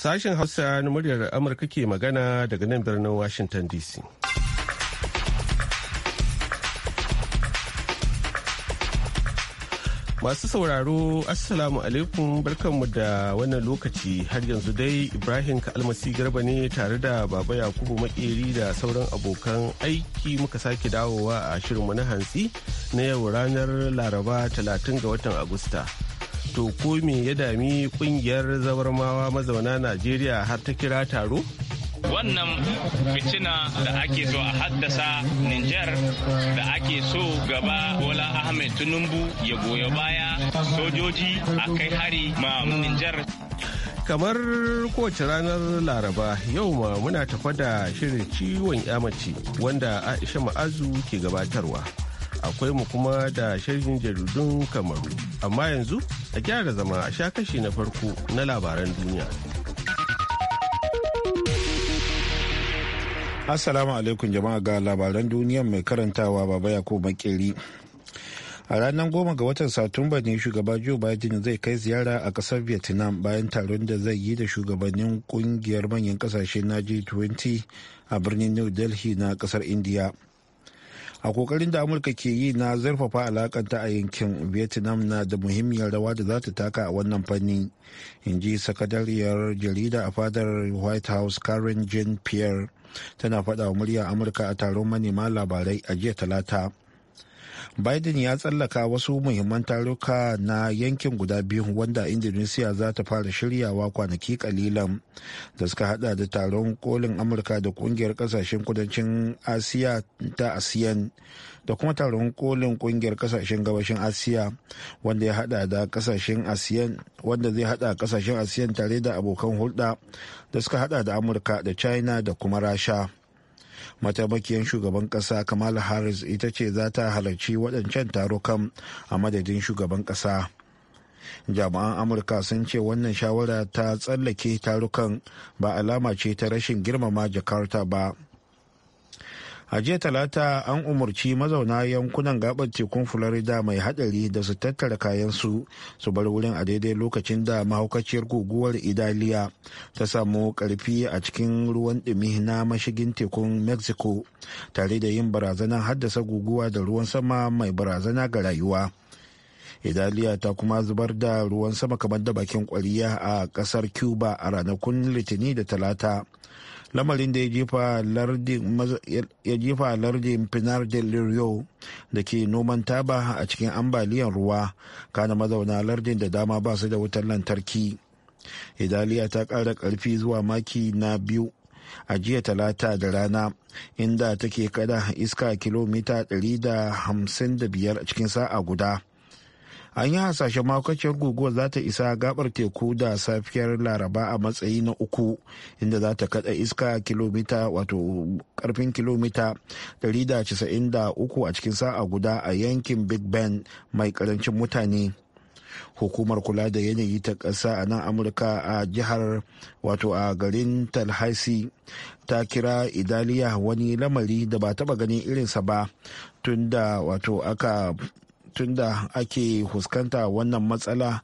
Sashen Hausa na muryar Amurka ke magana daga nan birnin Washington DC. Masu sauraro Assalamu alaikum barkanmu da wannan lokaci har yanzu dai Ibrahim Kalmasi Garba ne tare da Baba Yakubu Makeri da sauran abokan aiki muka sake dawowa a shirinmu na hantsi na yau ranar Laraba 30 ga watan Agusta. To ko me ya dami kungiyar zabarmawa mazauna Najeriya har ta kira taro? wannan fitina da ake so a haddasa Nijar da ake so gaba Bola Ahmed Tinubu ya goya baya sojoji a kai hari ma Nijar. Kamar kowace ranar Laraba yau ma muna tafa da shirin ciwon yamaci wanda Aisha Ma'azu ke gabatarwa. akwai mu kuma da shirin jaridun kamaru amma yanzu a gyara zama a sha kashi na farko na labaran duniya assalamu alaikum jama'a ga labaran duniya mai karantawa baba yakubu makeri a ranar goma ga watan satumba ne shugaba joe biden zai kai ziyara a kasar vietnam bayan taron da zai yi da shugabannin kungiyar manyan kasashe na g20 a birnin new delhi na kasar india a kokarin da amurka ke yi na zarfafa alakanta a yankin vietnam na da muhimmiyar rawa da za ta taka a wannan fanni in ji sakadariyar jarida a fadar white house karen jean pierre tana faɗa wa murya amurka a taron manema labarai a jiya talata biden ya tsallaka wasu muhimman taruka na yankin guda biyu wanda indonesia za ta fara shiryawa kwanaki kalilan da suka hada da taron kolin amurka da kungiyar kasashen kudancin asiya ta asiyan da kuma taron kolin kungiyar kasashen gabashin asiya wanda ya hada da kasashen asiyan wanda zai hada kasashen asiyan tare da abokan hulɗa da suka hada da amurka da china da kuma rasha mataimakiyar shugaban kasa kamala harris ita ce za ta halarci waɗancan tarukan a madadin shugaban kasa jami'an amurka sun ce wannan shawara ta tsallake tarukan ba alama ce ta rashin girmama jakarta ba a jiya talata an umarci mazauna yankunan gabar tekun florida mai hadari da su tattara kayan su su bar wurin a daidai lokacin da mahaukaciyar guguwar idaliya ta samu karfi a cikin ruwan dumi na mashigin tekun mexico tare da yin barazanar haddasa guguwa da ruwan sama mai barazana ga rayuwa idaliya ta kuma zubar da ruwan sama kamar da bakin kwariya a kasar cuba a ranakun litinin da talata lamarin da ya jefa lardin pinar del rio da ke noman taba a cikin ambaliyar ruwa kana mazauna lardin da dama ba su da wutar lantarki italiya ta ƙara karfi zuwa maki na biyu a jiya talata da rana inda take kada iska kilomita 155 a cikin sa'a guda an yi hasashen makwakiyar guguwa za ta isa gabar teku da safiyar laraba a matsayi na uku inda za ta kada iska kilomita wato karfin kilomita 193 a cikin sa'a guda a yankin big ben mai karancin mutane hukumar kula da yanayi ta ƙasa a nan amurka a jihar wato a garin talhasi ta kira idaliya wani lamari da ba taba ganin irinsa ba tun da wato aka tunda ake fuskanta wannan matsala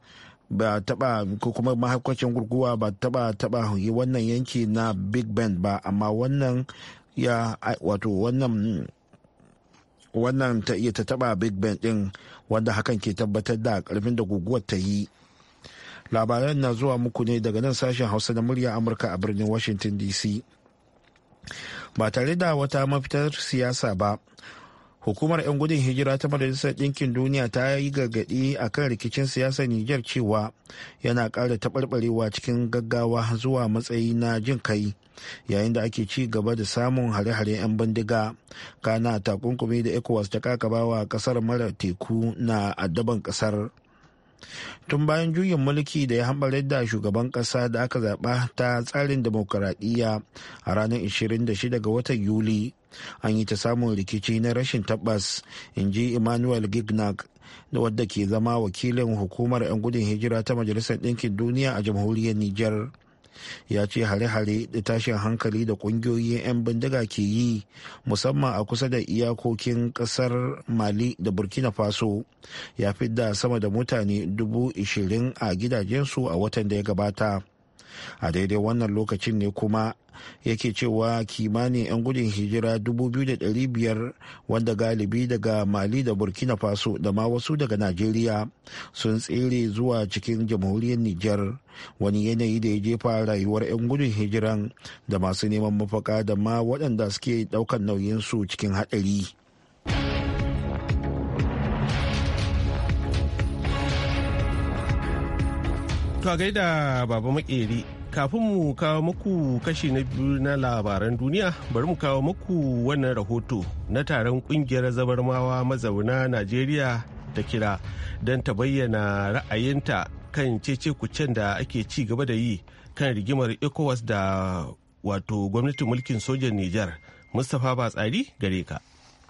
ba taba ko kuma mahaukacin gurguwa ba taba taba wannan yanki na big bend ba amma wannan ya wato wannan wannan ta iya ta taba big bend din wanda hakan ke tabbatar da karfin da guguwar ta yi labaran na zuwa muku ne daga nan sashen hausa na murya amurka a birnin washington dc ba tare da wata mafitar siyasa ba hukumar 'yan gudun hijira ta majalisar ɗinkin duniya ta yi gargaɗi a kan rikicin siyasar niger cewa yana ƙara taɓarɓarewa cikin gaggawa zuwa matsayi na jin kai yayin da ake ci gaba da samun hare-hare 'yan bindiga kana takunkumi da ecowas ta kakabawa ƙasar mara teku na addaban ƙasar tun bayan juyin mulki da ya hambarar da shugaban kasa da aka zaba ta tsarin demokuraɗiyya a ranar 26 ga watan yuli an yi ta samun rikici na rashin tabbas in ji emmanuel gignac wadda ke zama wakilin hukumar 'yan gudun hijira ta majalisar ɗinkin duniya a jamhuriyar niger ya ce hare-hare da tashin hankali da kungiyoyin 'yan bindiga ke yi musamman a kusa da iyakokin kasar mali da burkina faso ya fidda sama da mutane dubu ishirin a gidajensu a watan da ya gabata a daidai wannan lokacin ne kuma yake cewa kimanin 'yan gudun hijira 2,500 wanda galibi daga mali da burkina faso da ma wasu daga najeriya sun tsere zuwa cikin jamhuriyar niger wani yanayi da ya jefa rayuwar 'yan gudun hijiran da masu neman mafaka da ma waɗanda suke ɗaukar nauyinsu cikin haɗari. to gaida baba makeri kafin mu kawo muku kashi na biyu na labaran duniya bari mu kawo muku wannan rahoto na taron kungiyar zabarmawa mazauna najeriya ta kira don ta bayyana ra'ayinta kan cece-kucen da ake ci gaba da yi kan rigimar ecowas da wato gwamnatin mulkin sojan niger mustapha batsari gare ka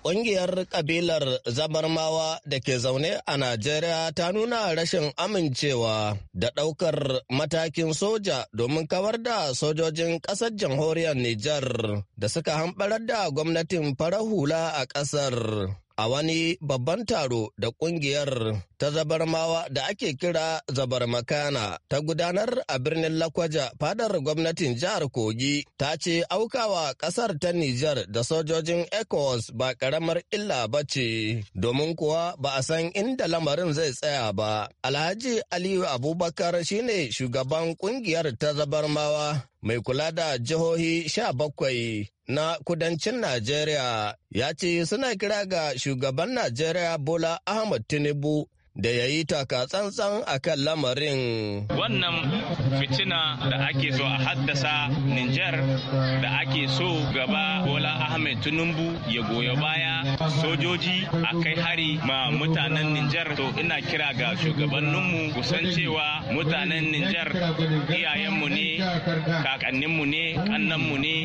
Ƙungiyar ƙabilar zabarmawa da ke zaune a Najeriya ta nuna rashin amincewa da ɗaukar matakin soja domin kawar da sojojin ƙasar jamhuriyar Nijar da suka hamɓarar da gwamnatin farar hula a ƙasar. a wani babban taro da kungiyar ta zabarmawa da ake kira zabarmakana ta gudanar a birnin lakwaja fadar gwamnatin jihar kogi ta ce aukawa kasar ta nijar da sojojin ecos ba karamar illa ba ce domin kuwa ba a san inda lamarin zai tsaya ba alhaji aliyu abubakar shine shugaban kungiyar ta zabarmawa mai kula da jihohi sha bakwai na kudancin Najeriya ya ce suna kira ga shugaban Najeriya Bola Ahmad Tinubu da ya yi taka tsantsan a kan lamarin. Wannan fitina da ake so a haddasa Nijar da ake so gaba Bola Ahmed Tinubu ya goya baya sojoji a kai hari ma mutanen Nijar to ina kira ga shugabanninmu kusan cewa mutanen Nijar iyayenmu ne kakanninmu ne kannanmu ne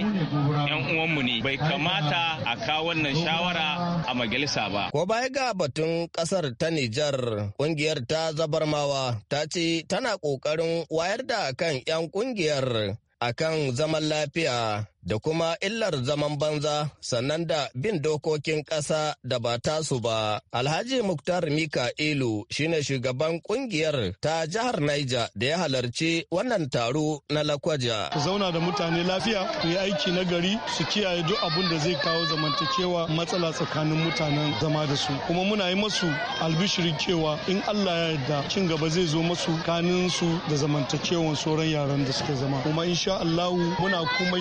yan uwanmu ne bai kamata a kawo wannan shawara a majalisa ba. Ko baya ga batun kasar ta Nijar ƙungiyar. ta zabarmawa ta ce tana ƙoƙarin wayar da kan 'yan ƙungiyar akan zaman lafiya da kuma illar zaman banza sannan da bin dokokin ƙasa da ba tasu ba. Alhaji Muktar Mika'ilu shine shugaban kungiyar ta jihar Niger da ya halarci wannan taro na Lakwaja. Ku zauna da mutane lafiya, ku yi aiki na gari su kiyaye duk abin da zai kawo zamantakewa matsala tsakanin mutanen zama da su. Kuma muna yi masu albishirin cewa in Allah ya yarda cin gaba zai zo masu kanin su da zamantakewan sauran yaran da suke zama. Kuma insha Allahu muna kuma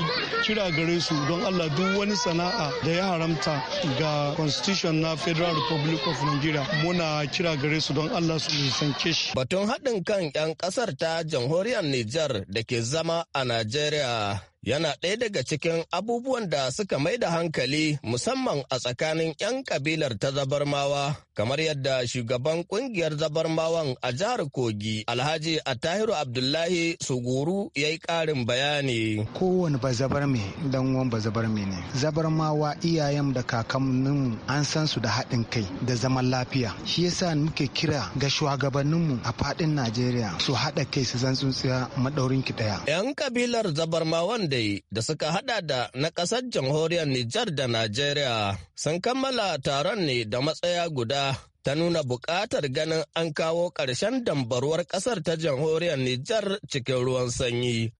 kira gare su don allah duk wani sana'a da ya haramta ga constitution na federal republic of nigeria muna kira gare su don allah su nisanke shi batun haɗin kan 'yan ƙasar ta jamhuriyar nijar da ke zama a nigeria yana ɗaya daga cikin abubuwan da suka mai da hankali musamman a tsakanin 'yan kabilar ta zabarmawa kamar yadda shugaban kungiyar zabarmawan a jihar kogi alhaji atahiru abdullahi suguru ya yi ƙarin bayani kowane bazabar mai wan ba zabar mai ne zabarmawa iyayen da kakanninmu an san su da haɗin kai da zaman lafiya shi yasa muke kira ga shugabanninmu a faɗin najeriya su haɗa kai su zan tsuntsiya maɗaurin ki ɗaya 'yan kabilar zabarmawan dai da suka hada da na ƙasar jamhuriyar Nijar da Najeriya sun kammala taron ne da matsaya guda ta nuna bukatar ganin an kawo ƙarshen dambaruwar ƙasar ta jamhuriyar Nijar cikin ruwan sanyi.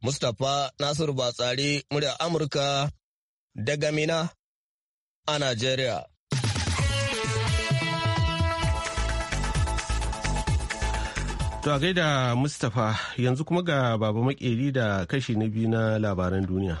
Mustapha Nasiru Batsari, murya Amurka daga Mina a Najeriya. To a gaida Mustapha yanzu kuma ga baba makeri da kashi na biyu na labaran duniya.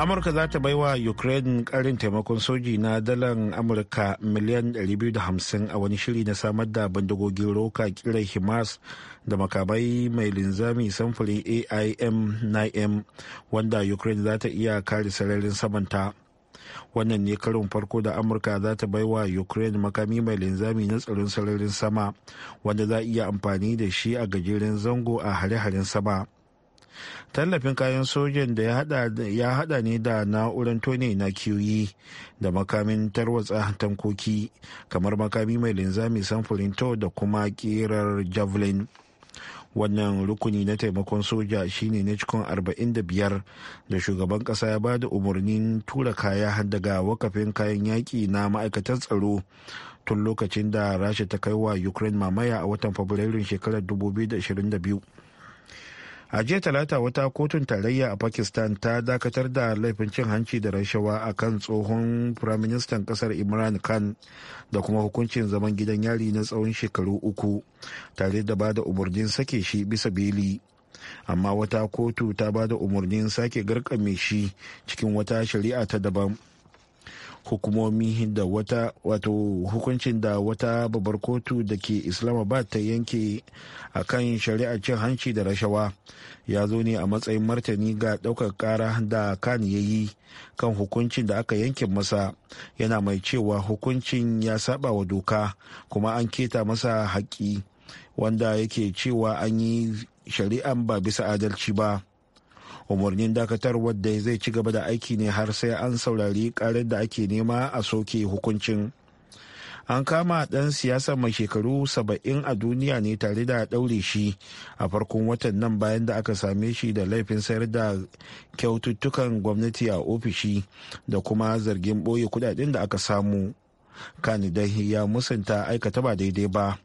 Amurka za ta baiwa Ukraine karin taimakon soji na dalan Amurka miliyan 250 a wani shiri na samar da bandagogin roka kira Himas da makamai mai linzami samfurin AIM-9M wanda Ukraine za ta iya kare sararin samanta. wannan ne karin farko da amurka za ta bai wa ukraine makami mai linzami na tsaron sararin sama wanda za a iya amfani da shi a gajeren zango a hare-haren sama tallafin kayan sojan da ya hada ne da na'urar tone na kiyoyi e da makamin tarwatsa tankoki kamar makami mai linzami samfurin to da kuma kerar javelin wannan rukuni na taimakon soja shine na cikin 45 da shugaban kasa ya bada umarnin tura kaya daga wakafin kayan yaƙi na ma'aikatan tsaro tun lokacin da rasha ta kai wa ukraine mamaya a watan fabrairun shekarar 2022 a jiya talata wata kotun tarayya a pakistan ta dakatar da laifin cin hanci da rashawa a kan tsohon firaministan kasar imran khan da kuma hukuncin zaman gidan yari na tsawon shekaru uku tare da ba da umarnin sake shi bisa beli amma wata kotu ta ba da umarnin sake garkame shi cikin wata shari'a ta daban hukumomi da wata wato hukuncin da wata babbar kotu da ke islamabad ta yanke a kan shari'ar cin hanci da rashawa ya zo ne a matsayin martani ga ɗaukar ƙara da kan yayi kan hukuncin da aka yanke masa yana mai cewa hukuncin ya saba wa doka kuma an keta masa haƙƙi wanda yake cewa an yi shari'an ba bisa adalci ba umarnin dakatar wadda zai ci gaba da aiki ne har sai an saurari karar da ake nema a soke hukuncin an kama ɗan siyasa mai shekaru saba'in a duniya ne tare da ɗaure shi a farkon watan nan bayan da aka same shi da laifin sayar da kyaututtukan gwamnati a ofishi da kuma zargin ɓoye kudaden da aka samu kanidai ya musanta aikata ba daidai ba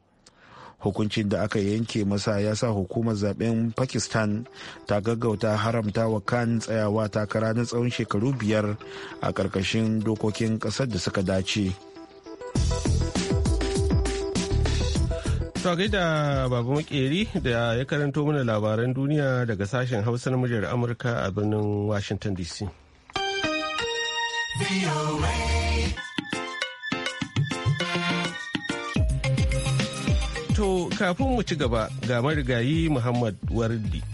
hukuncin da aka yanke masa ya sa hukumar zaben pakistan ta gaggauta haramta wa kan tsayawa takara na tsawon shekaru biyar a ƙarƙashin dokokin ƙasar da suka dace To da babu Makeri da ya karanto mana labaran duniya daga sashen Hausa na muryar Amurka a birnin Washington DC. Kafin mu ci gaba ga marigayi Muhammad Wardi.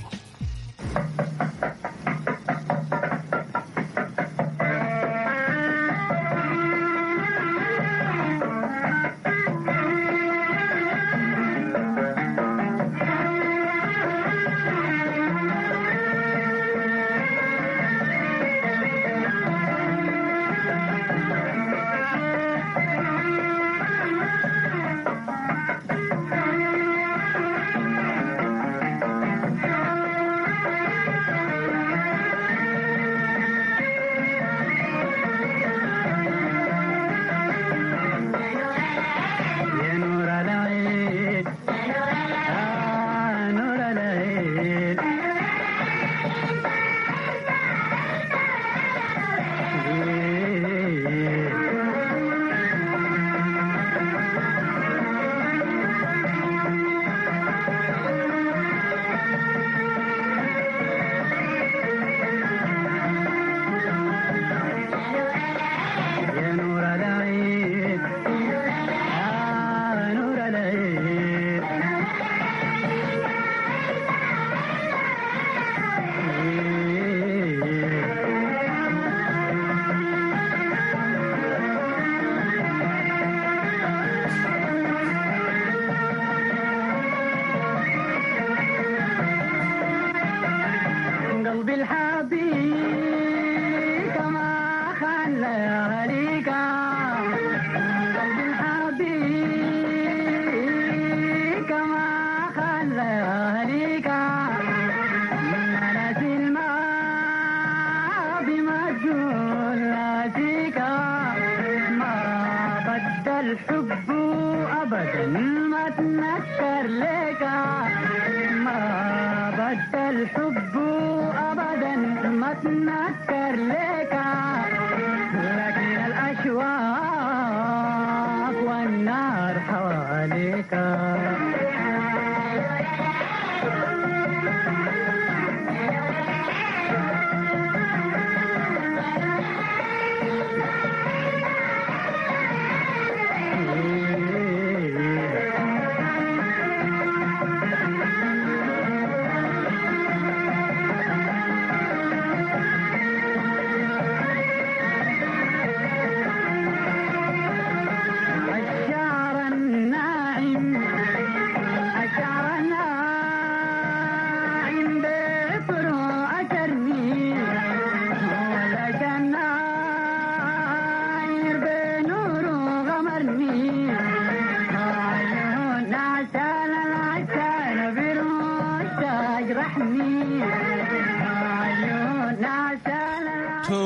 To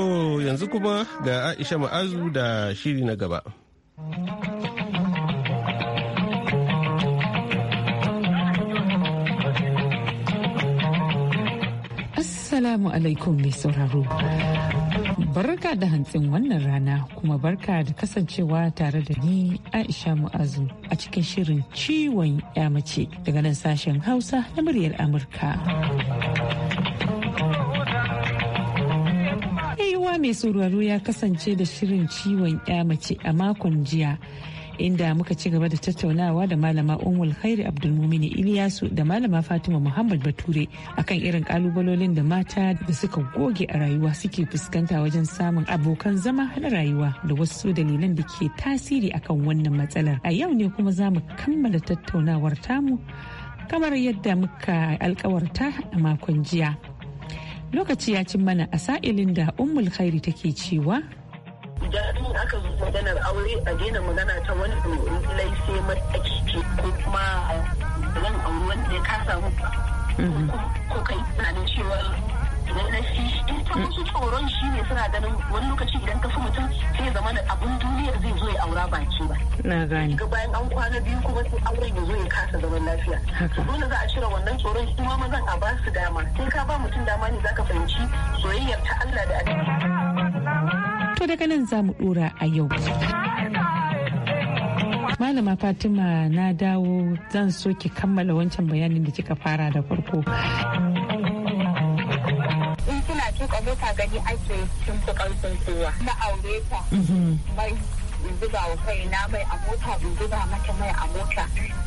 yanzu kuma ga Aisha Ma'azu da shiri na gaba. Assalamu alaikum mai sauraro. Barka da hantsin wannan rana kuma barka da kasancewa tare da ni Aisha Mu'azu a cikin shirin ciwon ya mace daga nan sashen Hausa na muryar Amurka. mai sauraro ya kasance da shirin ciwon ya mace a makon jiya inda muka ci gaba da tattaunawa da malama umul khairi abdulmumini iliyasu da malama fatima muhammad bature akan irin kalubalolin da mata da suka goge a rayuwa suke fuskanta wajen samun abokan zama na rayuwa da wasu dalilan da ke tasiri akan wannan matsalar a yau ne kuma za mu kammala tattaunawar tamu kamar yadda muka alkawarta a makon jiya lokaci ya cin mana a sa'ilin da ummul khairi take cewa Idan aka zo maganar aure a daina magana ta wani lai sai mataki ko kuma zan auri wanda ya kasa mu mhm. ko kai na da cewa na shi in ta musu tsoron shi ne suna ganin wani lokaci idan ka fi mutum sai zama da abun duniyar zai zo ya aura baki ba na gani ga bayan an kwana biyu kuma sai auren ya zo ya kasa zaman lafiya dole za a cire wannan tsoron su ma mazan a ba su dama in ka ba mutum dama ne zaka fahimci soyayyar ta Allah da addini to daga nan za mu dora a yau malama fatima na dawo zan so ki kammala wancan bayanin da kika fara da farko Mota ka gani ake cin fi ƙarfin kowa na aure ta mhm. mai zuba wa kai na mai a mota in zuba mata mai a mota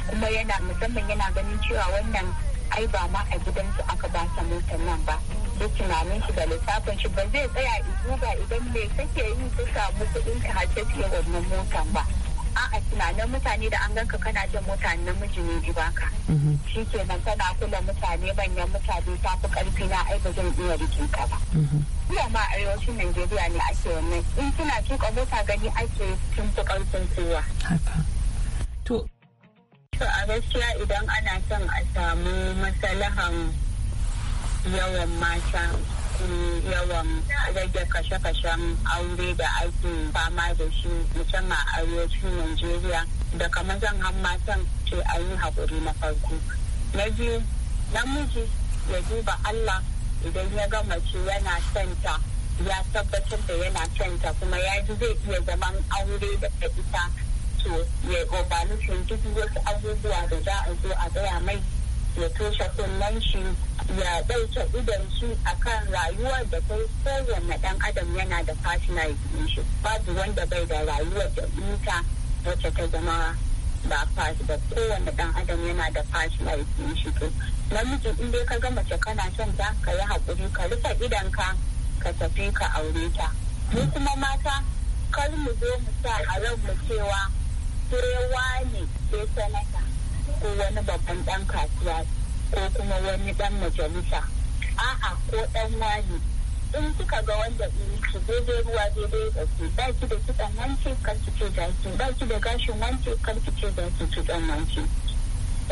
kuma yana musamman yana ganin cewa wannan ai ba ma a gidansu aka ba ta motar nan ba Duk tunanin shi da lissafin shi ba zai tsaya in duba idan me kake yi ta samu kuɗin ka hace take wannan motar ba a'a tunanin mutane da an ganka kana jin mutane namiji ne ibaka mhm. shi ke kenan tana kula mutane manyan mutane ta fi karfi na aiki zan iya rikin ka ba mhm. iya ma arewacin najeriya ne ake wannan in kina tuka mota gani ake tun fi karfin kowa to a gaskiya idan ana son a samu masalahan yawan mata Mm, yawan rage kashe-kashen aure da ake fama da shi musamman a arewacin Najeriya da kamar zan matan ce a yi haƙuri na farko. Na biyu namiji ya duba Allah idan ya ga mace yana santa ya tabbatar da yana santa kuma ya ji zai iya zaman aure da ta ita to ya obalusin duk wasu abubuwa da za a zo a gaya mai ya toshe kunnen shi ya ɗauke idon shi kan rayuwar da kai na ɗan adam yana da personal shi babu wanda bai da rayuwar da ita wacce ta zama ba fashi ba kowanne ɗan adam yana da personal shi to namiji in dai ka ga mace kana son ta ka yi haƙuri ka rufe idonka ka tafi ka aure ta mu kuma mata kar mu zo mu sa a ran mu cewa kowa ne sai sanata ko wani babban ɗan kasuwa ko kuma wani dan majalisa a'a ko dan wani in kika ga wanda in ki daidai ruwa daidai da su ba ki da kitsan wanke kar ki ce da ki ba da gashin wanke kar ki ce da ki wanke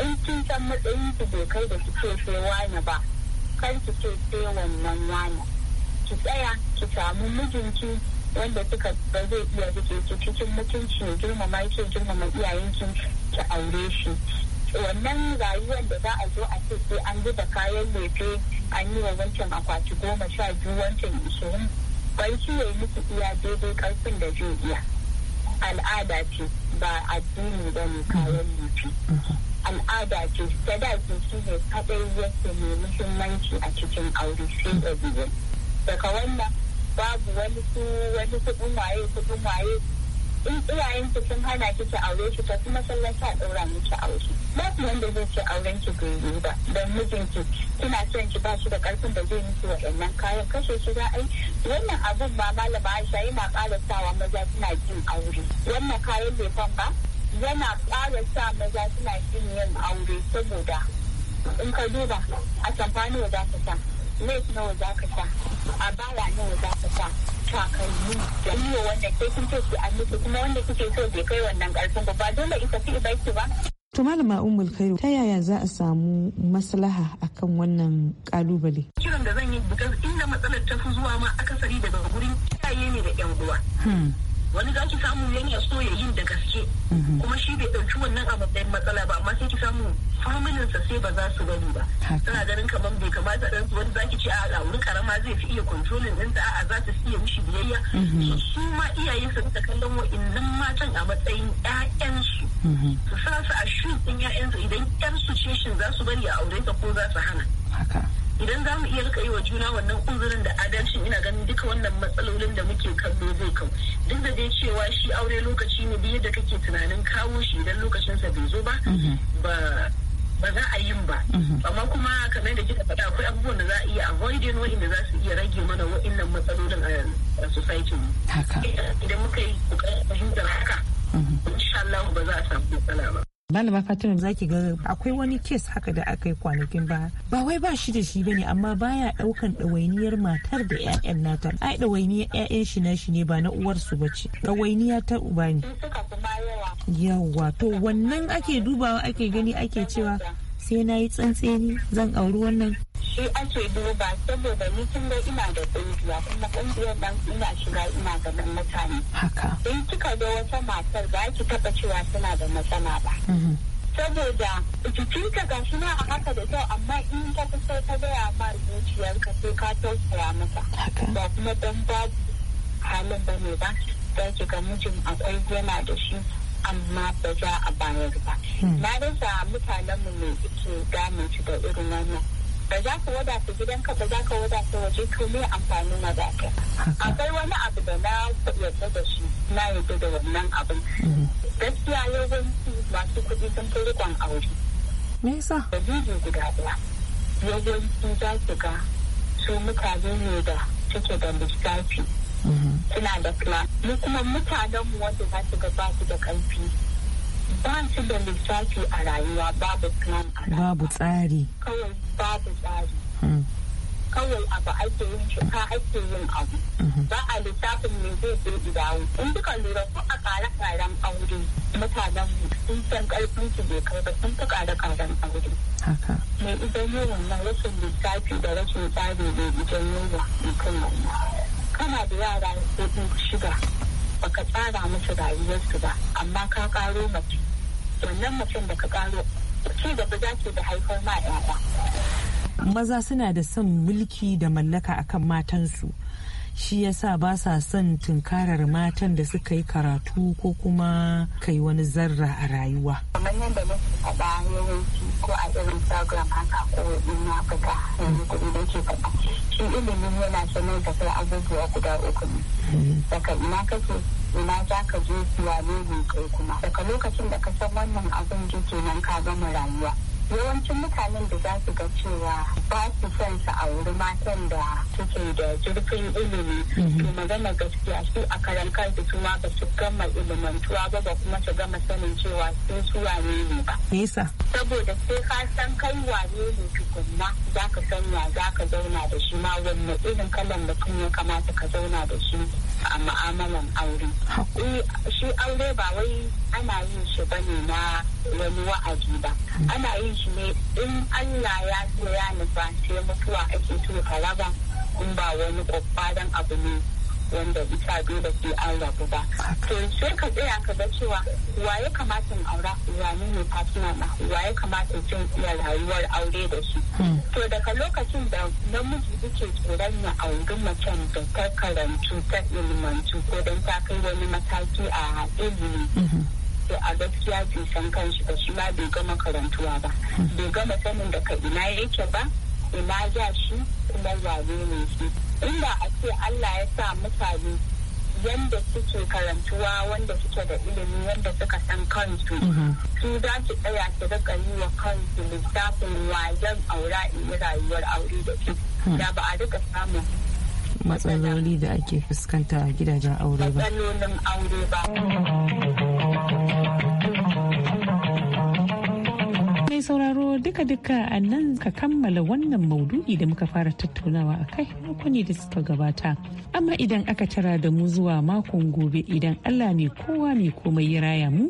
in kin san matsayin ki bai kai da ki ce sai wani ba kar ki ce sai wannan wani ki tsaya ki samu mijinki wanda suka ba zai iya rike ki cikin mutunci ya girmama ki girmama iyayenki ki aure shi wannan rayuwar da za a zo a ce sai an zuba kayan lefe an yi wa wancan akwati goma sha biyu wancan ishirin bai shi ya yi musu iya daidai karfin da zai iya al'ada ce ba addini ba ne kayan lefe al'ada ce ta da ke shi ne kadai yake mai muhimmanci a cikin aure sai da daga wannan babu wani wani kuɗin waye kuɗin waye in iyayen ki sun hana ki ki aure ki ta kuma masallaci a daura miki aure ba wanda zai ci auren ki bai ba dan mijin ki kina son ki ba shi da karfin da zai miki waɗannan kayan kashe shi za wannan abun ba malama Aisha yana ƙara sawa maza suna jin aure wannan kayan bai ba yana ƙara sa maza suna jin yin aure saboda in ka duba a tamfani da za ta sa lace nawa za ka sa a bala nawa za ka sa takalmi da iyo wanda sai kun ce an kuma wanda kuke so bai kai wannan karfin ba dole isa fi baki ba To malama Ummul Khairu ta yaya za a samu maslaha akan wannan kalubale? Kiran da zan yi bukas inda matsalar ta fi zuwa ma akasari daga gurin iyaye ne da yan uwa. Hmm. wani za ki samu ya so ya yi da gaske mhm. kuma shi bai ɗauki wannan a matsayin matsala ba amma sai ki samu familinsa sai ba za su bari ba suna ganin kamar bai kamata ɗan wani za ki ce a wurin karama zai fi iya kontrolin ɗinta a'a za ta siya mishi biyayya mhm. su ma iyayensa suka kallon wa'innan matan a matsayin ƴaƴansu mhm. su sa su a shi ɗin ƴaƴansu idan ƴarsu ce shin za su bari a aure ta ko za su hana idan za mu iya rikayi yi wa juna wannan uzurin da adalcin ina ganin duka wannan matsalolin da muke kallo zai kau duk da dai cewa shi aure lokaci ne biyu da kake tunanin kawo shi idan lokacinsa bai zo ba mhm. ba za a yin ba mhm. amma kuma kamar da kika faɗa akwai abubuwan da za a iya avoiding wa'inda za su iya rage mana wa'innan matsalolin a society mu idan muka yi kokarin fahimtar haka mhm. insha Allah ba za a samu matsala ba Malama Fatima za ki ga akwai wani kes haka da aka yi kwanakin ba. Ba wai ba shi da shi ba ne amma baya ɗaukan ɗawainiyar matar da 'ya'yan nata. Ai ɗawainiyar 'ya'yan shi na shi ne ba na uwarsu ba ce. Ɗawainiya ta uba ne. Yawwa to wannan ake dubawa ake gani ake cewa sai na yi tsantseni zan auri wannan shi ake duba saboda ni tun ga ina da kungiya kuma kungiyar dan ina shiga ina gaban mutane haka in kika ga wata matar ba ki taba cewa tana da matsala ba mm-hmm. saboda jikinka ga shi a haka da kyau amma in ka kusa ta gaya ma zuciyarka sai ka tausaya mata ba kuma dan babu halin ba ne ba za ki ga mijin akwai yana da shi amma ba za a bayar ba hmm. na rasa mutanenmu ne ke damun shi da irin wannan ba za ka wadata gidanka ba za ka wadata waje to me amfanin wadata akwai wani abu da na yadda da shi na yadda da wannan abin mm-hmm. gaskiya yawanci masu kuɗi sun fi riƙon aure me yasa dalili guda ɗaya yawanci za su ga su mutane ne da cike da lissafi mm-hmm. suna da mu kuma mutanenmu wanda za su ga ba su da ƙarfi ba su da lissafi a rayuwa babu plan a rayuwa babu tsari kawai babu tsari hmm. kawai abu ake yin shi ka ake yin abu hmm. ba a lissafin zai je gidawo in duka lura ko a kare karen aure mutanen mu sun san karfin su bai kai ba sun fi kare karen aure me idan yi wannan rashin lissafi da rashin tsari ne idan yi wa mutum kana da yara sai shiga. baka tsara musu rayuwarsu ba amma ka karo mace wannan mutum baka karo ci gaba za ke da haifar ma 'ya'ya maza suna da son mulki da mallaka akan matansu shi yasa ba sa son tunkarar matan da suka yi karatu ko kuma kai wani zarra a rayuwa kamar yadda na faɗa yawanci ko a irin program haka ko in ya fita yanzu kuɗi da ke faɗa shi ilimin yana sanar da kai abubuwa guda uku ne mm. daga ina kake ina za ka zo siya ne kai kuma daga lokacin da ka san wannan abin ke kenan ka gama rayuwa yawancin mutanen da za su ga cewa ba su son su auri matan da suke da zurfin ilimi to magana gaskiya su a karan kansu su ma ba su gama ilimantuwa ba ba kuma su gama sanin cewa sun su wane ne ba. Saboda sai ka san kai wane ne tukunna za ka san ka zauna da shi ma wanne irin kalan mutum ya kamata ka zauna da shi a ma'amalan aure eh, shi aure ba wai ana yin shi ba ne na wani wa'azi ba ana yin shi ne in allah ya ce ya nufa sai mutuwa ake tura raba in ba wani kwabbaran abu ne wanda bisa dole sai an rabu ba to sai ka tsaya ka ga cewa wa ya kamata in aura wani ne fatima na wa kamata jin iya rayuwar aure da shi hmm. to daga lokacin da namiji suke tsoron ya auri macen da ta karantu ta ilimantu ko don ta kai wani mataki a ilimi hmm. to a gaskiya bai san kanshi ba shi ma bai gama karantuwa ba hmm. bai gama sanin daga ina yake ba ina ya shi zabe ne shi inda a ce Allah ya sa mutane yanda suke karantuwa wanda suke da ilimi wanda suka san kansu mhm. su za su tsaya su rika yi wa kansu lissafin wajen aura in yi rayuwar aure da shi hmm. da ba a rika samun matsaloli da ake fuskanta a gidajen aure ba matsalolin aure ba sauraro duka-duka a nan ka kammala wannan maudu'i da muka fara tattaunawa a kai makonni da suka gabata. Amma idan aka tara da mu zuwa makon gobe idan Allah mai kowa mai komai ya raya mu,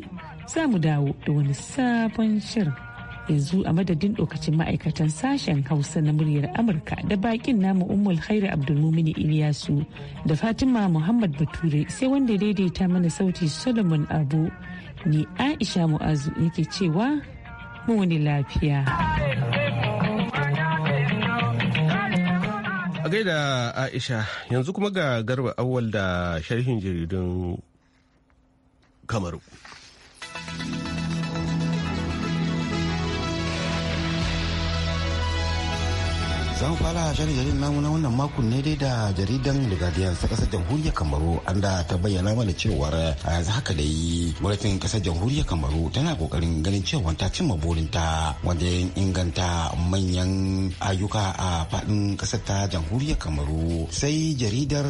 za mu dawo da wani sabon shirin. yanzu a madadin ɗaukacin ma'aikatan sashen hausa na muryar amurka da bakin namu ummul khairu abdulmumini iliyasu da fatima muhammad bature sai wanda daidaita mana sauti solomon abu ni aisha mu'azu yake cewa mu wani lafiya. A gaida Aisha yanzu kuma ga garba awwal da sharhin jaridun Kamaru. za mu fara shari jaridar namu na wannan makon ne dai da jaridan the guardian ta kasar jamhuriyar kamaru an da ta bayyana mana cewar a yanzu haka yi gwamnatin kasar jamhuriyar kamaru tana kokarin ganin cewa ta cimma burinta wanda ya inganta manyan ayyuka a fadin kasar ta jamhuriyar kamaru sai jaridar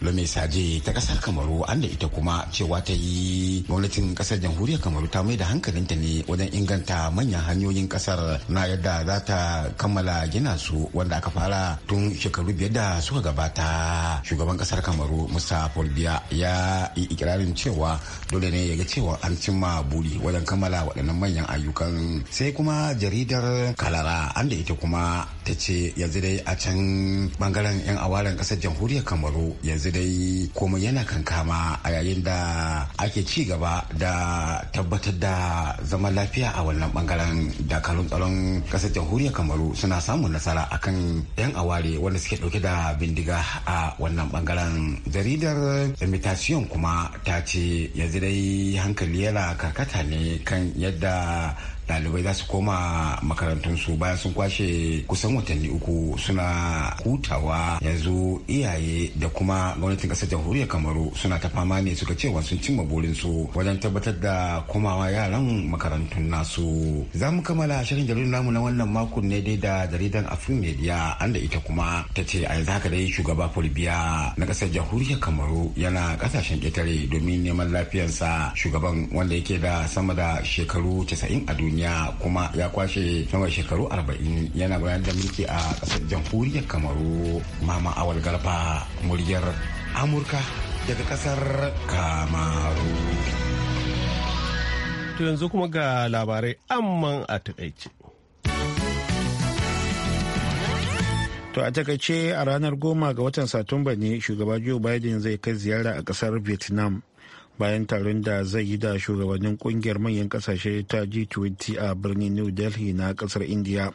lomesaje ta kasar kamaru an da ita kuma cewa ta yi gwamnatin kasar jamhuriyar kamaru ta mai da hankalinta ne wajen inganta manyan hanyoyin kasar na yadda za ta kammala gina su wanda da aka fara tun shekaru biyar da suka gabata shugaban kasar kamaru musa folbiya ya yi ikirarin cewa dole ne ya ga cewa an cimma buri wajen kammala waɗannan manyan ayyukan sai kuma jaridar kalara an da ita kuma ta ce yanzu dai a can bangaren yan awaren kasar jamhuriyar kamaru yanzu dai komai yana kankama a yayin da ake ci gaba da tabbatar da zaman lafiya a wannan bangaren dakarun tsaron kasar jamhuriyar kamaru suna samun nasara akan yan aware wanda suke dauke da bindiga a wannan bangaren jaridar imitation kuma ta ce yanzu dai hankali yana karkata ne kan yadda dalibai za su koma makarantunsu bayan sun kwashe kusan watanni uku suna hutawa yanzu iyaye da kuma gwamnatin ƙasar jamhuriyar kamaru suna ta fama ne suka cewa cin cimma su wajen tabbatar da komawa yaran makarantun nasu za mu kammala shirin jaridar namu na wannan makon ne dai da jaridan afrin media an da ita kuma ta ce a yanzu haka dai shugaba fulbiya na ƙasar jamhuriyar kamaru yana kasashen ƙetare domin neman lafiyarsa shugaban wanda yake da sama da shekaru 90 a duniya ya kuma ya kwashe sama shekaru 40 yana bayan da mulki a kasar jamhuriyar kamaru mama awal garba muryar amurka daga kasar kamaru to yanzu kuma ga labarai amman a takaice To a takaice a ranar goma ga watan Satumba ne shugaba Joe Biden zai kai ziyara a kasar Vietnam bayan taron da zai yi da shugabannin kungiyar manyan kasashe ta G20 a birnin New Delhi na kasar India.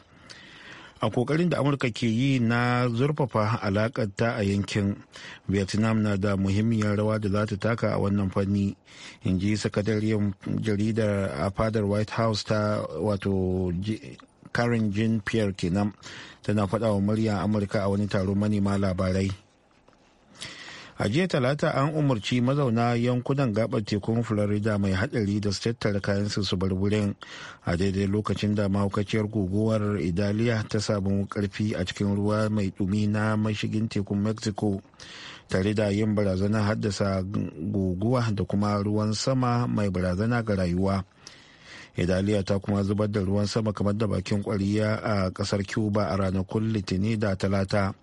A kokarin da Amurka ke yi na zurfafa ta a yankin, Vietnam na da muhimmiyar rawa da za ta taka a wannan fanni, in ji sakadariyar jaridar a fadar White House ta wato Karen Jean Pierre kenan tana faɗa wa murya Amurka a wani taron manema labarai. a jiya talata an umarci mazauna yankunan gabar tekun florida mai hadari da su tattara kayan su bar wurin a daidai lokacin da mahaukaciyar guguwar idaliya ta samu karfi a cikin ruwa mai dumi na mashigin tekun mexico tare da yin barazana haddasa guguwa da kuma ruwan sama mai barazana ga rayuwa idaliya ta kuma zubar da ruwan sama kamar da bakin kwariya a kasar cuba a ranakun litini da talata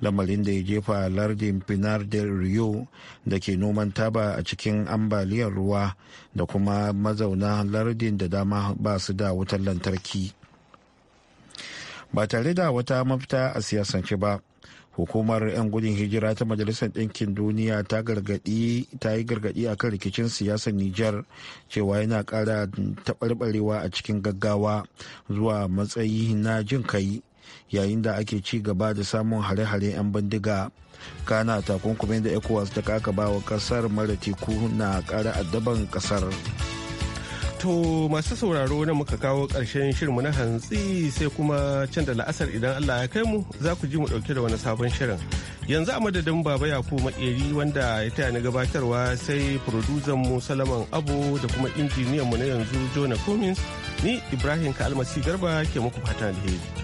lamarin da ya jefa lardin pinar del rio da ke noman taba a cikin ambaliyar ruwa da kuma mazauna lardin da dama ba su da wutar lantarki ba tare da wata mafita a siyasance ba hukumar 'yan gudun hijira ta majalisar ɗinkin duniya ta yi gargaɗi a kan rikicin siyasar niger cewa yana ƙara taɓarɓarewa a cikin gaggawa zuwa matsayi na jin kai yayin da ake ci gaba da samun hare-hare 'yan bindiga kana takunkumin da ecowas ta kaka bawa kasar mara teku na ƙara addaban kasar. To masu sauraro na muka kawo ƙarshen shirinmu na hantsi sai kuma can da la'asar idan Allah ya kai mu za ku ji mu ɗauke da wani sabon shirin. Yanzu a madadin Baba Yakubu Makeri wanda ya taya ni gabatarwa sai producer mu Salaman Abo da kuma injiniyan mu na yanzu Jona Cummins ni Ibrahim Kalmasi Garba ke muku fatan alheri.